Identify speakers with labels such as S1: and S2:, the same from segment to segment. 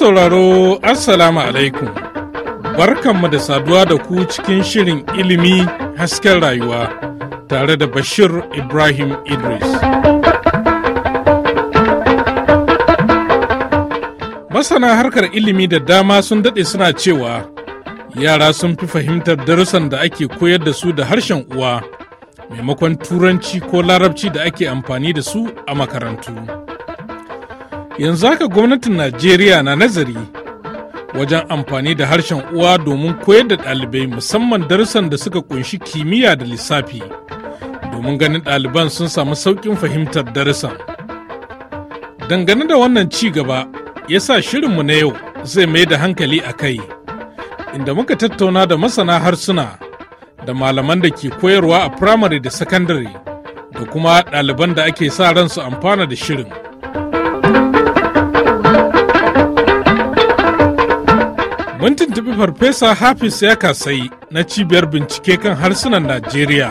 S1: sauraro assalamu alaikum barkanmu da saduwa da ku cikin shirin ilimi hasken rayuwa tare da bashir ibrahim idris masana harkar ilimi da dama sun daɗe suna cewa yara sun fi fahimtar darussan da ake koyar da su da harshen uwa maimakon turanci ko larabci da ake amfani da su a makarantu yanzu haka gwamnatin najeriya na nazari wajen amfani da harshen uwa domin koyar da ɗalibai musamman darussan da suka kunshi kimiyya da lissafi domin ganin ɗaliban sun samu sauƙin fahimtar darussan dangane da wannan ci gaba ya sa shirinmu na yau zai mai da hankali a kai inda muka tattauna da masana harsuna da malaman da ke koyarwa a firamare da sakandare da kuma ɗaliban da ake sa ran su amfana da shirin. Mun tuntuɓi Farfesa Hafiz ya kasai na cibiyar bincike kan harsunan Najeriya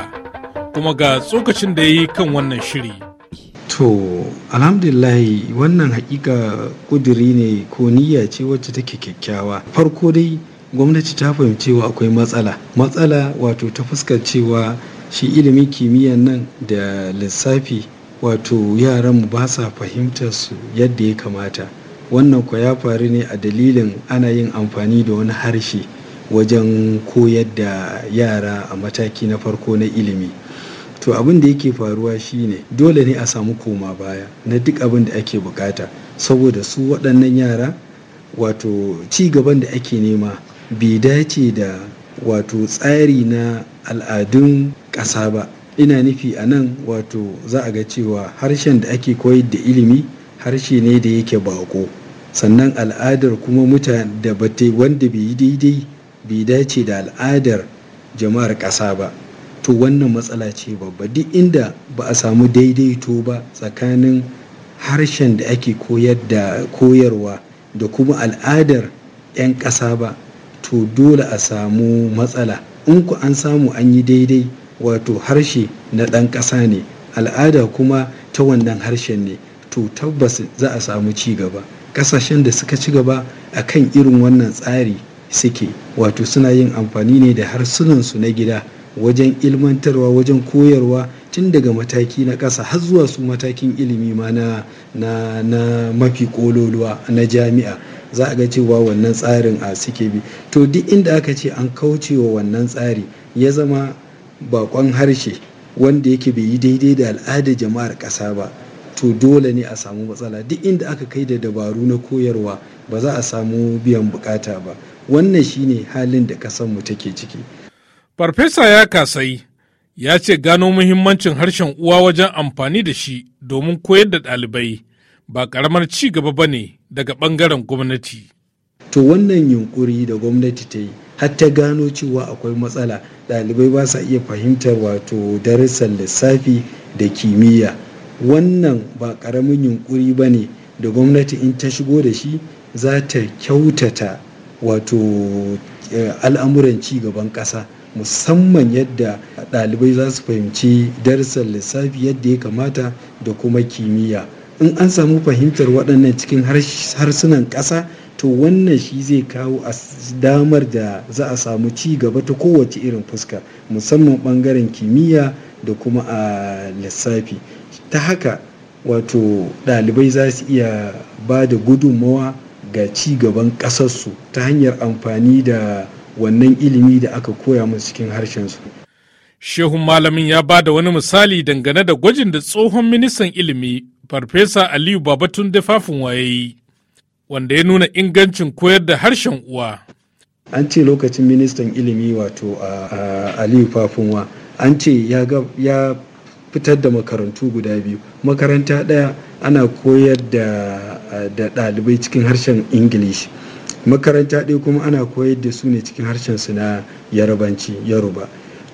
S1: kuma ga tsokacin da ya yi kan wannan shiri.
S2: To, alhamdulillahi wannan hakika kudiri ne ko niyya ce wacce take kyakkyawa. Farko dai gwamnati ta wa akwai matsala matsala wato ta fuskar cewa shi ilimin kimiyyan nan da lissafi wato yaranmu ba sa fahimtar su yadda ya kamata wannan kwa ya faru ne a dalilin ana yin amfani da wani harshe wajen koyar da yara a mataki na farko na ilimi to abin da yake faruwa shine dole ne a samu koma baya na duk abin da ake bukata saboda su waɗannan yara wato ci gaban da ake nema bai dace da wato tsari na al'adun ƙasa ba ina nufi a nan wato za a ga cewa harshen da ake koyar da ilimi harshe ne da yake bako sannan al'adar kuma mutane da bate wanda bai yi daidai bai dace da al'adar jama'ar ƙasa ba to wannan matsala ce babba duk inda ba a samu daidaito ba tsakanin harshen da ake koyar da koyarwa da kuma al'adar 'yan ƙasa ba to dole a samu matsala in ku an samu an yi daidai wato harshe na ɗan ƙasa ne al'ada kuma ta wannan harshen ne to tabbas za a samu ci gaba ƙasashen da suka ci gaba a kan irin wannan tsari suke wato suna yin amfani ne da harsunansu na gida wajen ilmantarwa wajen koyarwa tun daga mataki na ƙasa har zuwa su matakin ilimi ma na mafi ƙololuwa na jami'a za a ga cewa wannan tsarin a suke bi to duk inda aka ce an kauce wa wannan tsari ya zama bakon harshe wanda yake bai yi daidai da al'adar jama'ar ƙasa ba to dole ne a samu matsala duk inda aka kai da dabaru na koyarwa ba za a samu biyan bukata ba wannan shine halin da mu take ciki
S1: farfesa ya kasai ya ce gano muhimmancin harshen uwa wajen amfani da shi domin koyar da ɗalibai ba karamar ci gaba ba ne daga bangaren gwamnati.
S2: To wannan yunkuri da gwamnati ta yi har ta gano cewa akwai matsala ɗalibai ba sa iya fahimtar wato darussan lissafi da kimiyya wannan ba ƙaramin yunkuri ba ne da gwamnati in ta shigo da shi za ta kyautata wato eh, al'amuran ci gaban ƙasa musamman yadda ɗalibai za su fahimci darussan lissafi yadda ya kamata da kuma kimiyya in an samu fahimtar waɗannan cikin harsunan ƙasa to wannan shi zai kawo a damar da za a samu ci gaba ta kowace irin fuska musamman ɓangaren kimiyya da kuma a lissafi ta haka wato ɗalibai za su iya ba da gudunmawa ga ci gaban ƙasarsu ta hanyar amfani da wannan ilimi da aka koya musu cikin harshensu.
S1: Shehun malamin ya ba da wani misali dangane da gwajin da tsohon ministan ilimi farfesa aliyu babatun fafin waye wanda ya nuna ingancin koyar da harshen uwa
S2: an ce lokacin ministan ilimi wato a aliyu fafunwa an ce ya fitar da makarantu guda biyu makaranta ɗaya ana koyar da ɗalibai cikin harshen ingilishi makaranta ɗaya kuma ana koyar da su ne cikin harshen su na yarabanci yaruba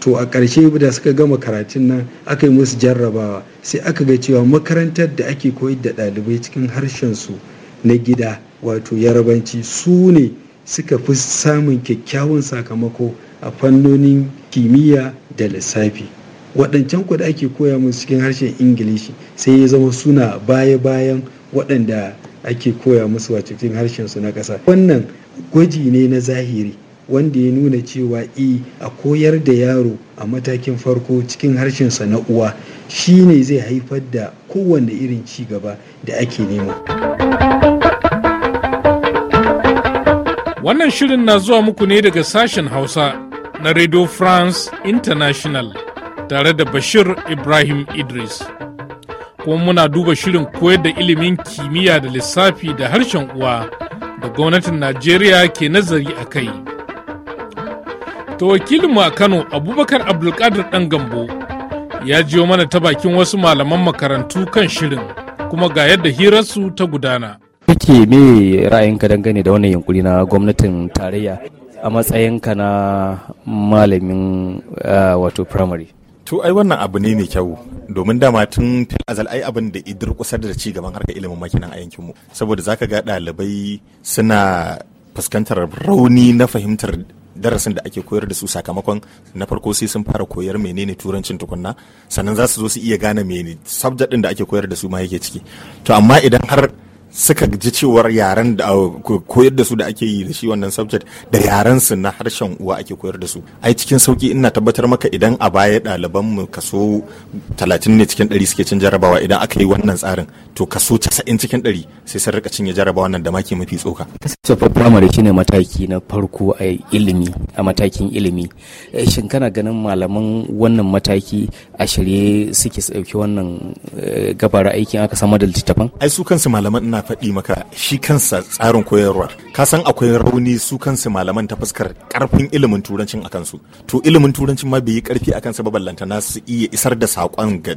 S2: to a ƙarshe da suka gama karatun nan aka yi musu jarrabawa sai aka ga cewa makarantar da ake koyar da ɗalibai cikin harshensu na gida wato yarabanci su ne suka fi samun kyakkyawan sakamako a fannonin kimiyya da lissafi waɗancan ku ake koya musu cikin harshen ingilishi sai ya zama suna baya-bayan waɗanda ake koya musu cikin harshen su na ƙasa wannan gwaji ne na zahiri wanda ya nuna cewa e a koyar da yaro a matakin farko cikin harshensa na uwa shine zai haifar da kowanne irin ci gaba da ake nema.
S1: Wannan shirin na zuwa muku ne daga sashen Hausa na Radio France International tare da Bashir Ibrahim Idris. Kuma muna duba shirin koyar da ilimin kimiyya da lissafi da harshen uwa da gwamnatin Najeriya ke nazari a kai. To wakilin a Kano Abubakar Abdulkadir dan Gambo ya jiyo mana ta bakin wasu malaman makarantu kan shirin kuma ga yadda hirarsu ta gudana.
S2: Kake me ra'ayinka dangane da wannan yunkuri na gwamnatin
S1: tarayya a matsayinka na
S2: malamin eh, wato primary?
S3: To ai wannan abu ne mai kyau domin dama tun tun azal ai abin da idir kusar da ci gaban harkar ilimin makinan a yankinmu saboda zaka ga ɗalibai suna fuskantar rauni na fahimtar darasin da ake koyar da su sakamakon na farko sai sun fara koyar menene turancin tukunna sannan za su zo su iya gane mene subject din da ake koyar da su ma yake ciki to amma idan har suka ji cewar yaren da koyar da su da ake yi da shi wannan subject da yaren su na harshen uwa ake koyar da su ai cikin sauki ina tabbatar maka idan a baya ɗaliban mu kaso 30 ne cikin 100 suke cin jarabawa idan aka yi wannan tsarin to kaso 90 cikin 100 sai sun rika cinye jarabawa nan da maki mafi
S2: tsoka kasancewa primary shine mataki na farko a ilimi a matakin ilimi eh, shin kana ganin malaman wannan mataki a shirye suke su dauki wannan
S3: eh, gabara aikin aka samar da littattafan ai su kansu malaman ina faɗi maka shi kansa tsarin koyarwar ka san akwai rauni su kansu malaman ta fuskar karfin ilimin turancin a kansu to ilimin turancin ma bai yi karfi a kansa ba ballanta na su iya isar da saƙon ga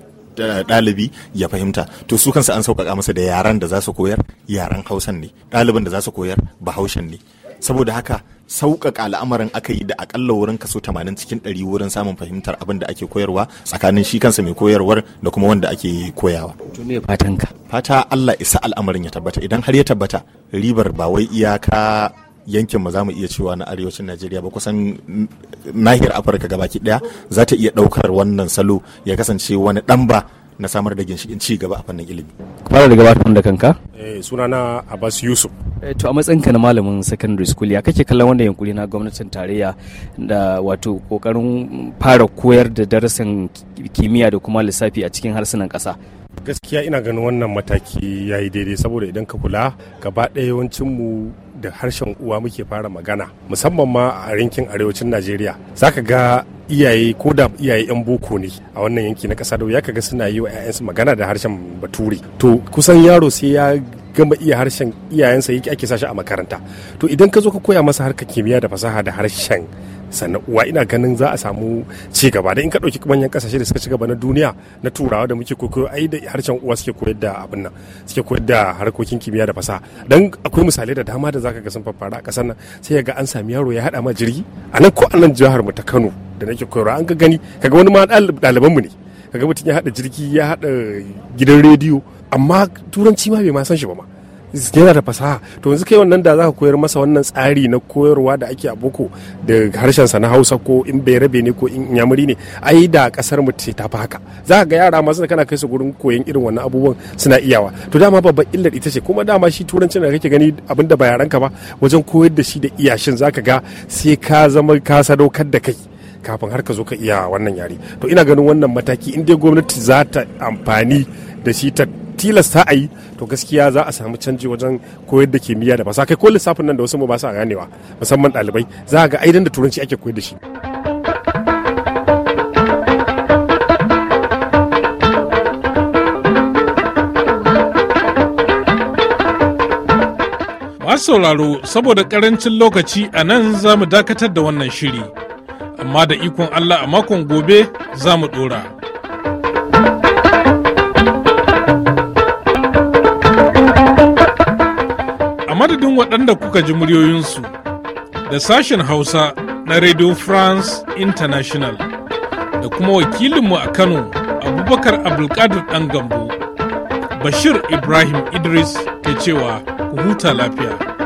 S3: ɗalibi ya fahimta to su kansa an sauƙaƙa masa da yaran da za su koyar yaran hausan ne ɗaliban da za su koyar bahaushen ne saboda haka sauƙaƙa al'amarin aka yi da akalla wurin kaso 80 cikin 100 wurin samun fahimtar abin da ake koyarwa tsakanin shi kansa mai koyarwar da kuma wanda ake koyawa. To fatan ka? Fata Allah isa al'amarin ya tabbata idan har ya tabbata ribar ba wai iyaka yankin ma za mu iya cewa na arewacin Najeriya ba kusan nahiyar Afirka gabaki daya za ta iya ɗaukar wannan salo ya kasance wani dan ba na samar da
S4: ginshikin ci gaba a fannin ilimi. Fara da gabatar da kanka? Eh sunana Abbas Yusuf. Eh,
S2: to a matsayinka na malamin secondary school ya kake kallon wanda yankuri na gwamnatin tarayya da wato kokarin fara koyar da darasin kimiyya da kuma lissafi a cikin harsunan kasa.
S4: gaskiya ina ganin wannan mataki ya yi daidai saboda idan ka kula gaba ɗaya mu da harshen uwa muke fara magana musamman ma a yankin arewacin najeriya zaka ga iyaye ko da iyaye yan boko ne a wannan yanki na kasa da ya kaga suna yi wa 'ya'yansu magana da harshen bature to kusan yaro sai ya gama iya harshen iyayensa yake ake sashi a makaranta to idan ka zo ka koya masa harkar kimiyya da fasaha da harshen sannan uwa ina ganin za a samu ci gaba da in ka ɗauki manyan ƙasashe da suka ci gaba na duniya na turawa da muke koyo ai da harshen uwa suke koyar da abin nan suke koyar da harkokin kimiyya da fasaha dan akwai misalai da dama da zaka ga sun fafara a ƙasar nan sai ga an sami yaro ya haɗa ma jirgi a nan ko a nan jihar mu ta Kano da nake koyarwa an ka gani kaga wani ma ɗaliban mu ne kaga mutum ya haɗa jirgi ya haɗa gidan rediyo amma turanci ma bai ma san shi ba ma yana da fasaha to yanzu kai wannan da za ka koyar masa wannan tsari na koyarwa da ake a boko da harshensa na hausa ko in bai rabe ne ko in yamuri ne ai da kasar mu ta fi haka za ka ga yara masu kana kai su gurin koyan irin wannan abubuwan suna iyawa to dama babban illar ita ce kuma dama shi turancin da kake gani abin da ba yaranka ba wajen koyar da shi da iyashin za ka ga sai ka zama ka sadaukar da kai kafin har ka zo ka iya wannan yare to ina ganin wannan mataki in dai gwamnati za ta amfani da shi ta tilasta a yi to gaskiya za a samu canji wajen koyar da kimiyya da fasaha kai ko lissafin nan da wasu mu ba sa ganewa musamman ɗalibai za ga aidan da turanci ake koyar da shi
S1: sauraro saboda karancin lokaci a nan za mu dakatar da wannan shiri amma da ikon Allah a makon gobe za mu ɗora. A madadin waɗanda kuka ji muryoyinsu da sashen Hausa na Radio France International da kuma wakilinmu a Kano Abubakar Abdulkadir ɗan gambo Bashir Ibrahim Idris ke cewa ku huta lafiya.